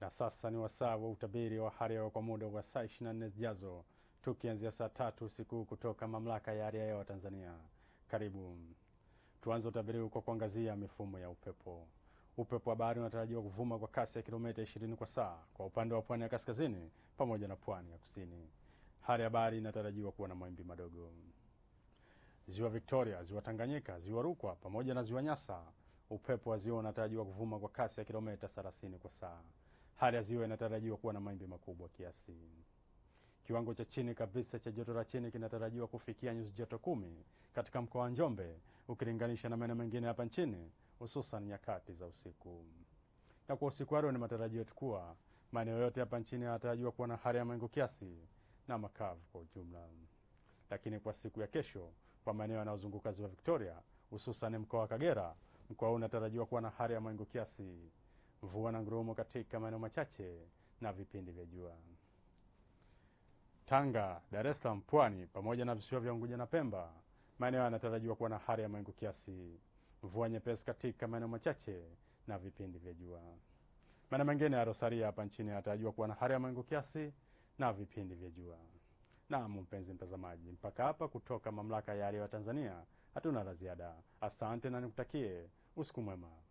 Na sasa ni wasaa wa utabiri wa hali ya hewa kwa muda wa saa 24 zijazo, tukianzia saa tatu usiku kutoka Mamlaka ya Hali ya Hewa Tanzania. Karibu tuanze utabiri kwa kuangazia mifumo ya upepo. Upepo wa bahari unatarajiwa kuvuma kwa kasi ya kilomita 20 kwa saa kwa upande wa pwani ya kaskazini pamoja na pwani ya kusini. Hali ya bahari inatarajiwa kuwa na mawimbi madogo. Ziwa Victoria, ziwa Tanganyika, ziwa Rukwa pamoja na ziwa Nyasa, upepo wa ziwa unatarajiwa kuvuma kwa kasi ya kilomita 30 kwa saa. Hali ya ziwa inatarajiwa kuwa na mawimbi makubwa kiasi. Kiwango cha chini kabisa cha joto la chini kinatarajiwa kufikia nyuzi joto kumi katika mkoa wa Njombe ukilinganisha na maeneo mengine hapa nchini hususan nyakati za usiku. Na kwa usiku wa leo, ni matarajio yetu kuwa maeneo yote hapa nchini yanatarajiwa kuwa na hali ya mawingu kiasi na makavu kwa ujumla, lakini kwa siku ya kesho, kwa maeneo yanayozunguka ziwa Victoria hususan mkoa wa Kagera, mkoa huu unatarajiwa kuwa na hali ya mawingu kiasi mvua na ngurumo katika maeneo machache na vipindi vya jua. Tanga, Dar es Salaam, Pwani pamoja na visiwa vya Unguja na Pemba, maeneo yanatarajiwa kuwa na hali ya mawingu kiasi, mvua nyepesi katika maeneo machache na vipindi vya jua. Maeneo mengine ya Rosaria hapa nchini yanatarajiwa kuwa na hali ya mawingu kiasi na vipindi vya jua. Naam, mpenzi mtazamaji, mpaka hapa kutoka mamlaka ya hali ya Tanzania hatuna la ziada. Asante na nikutakie usiku mwema.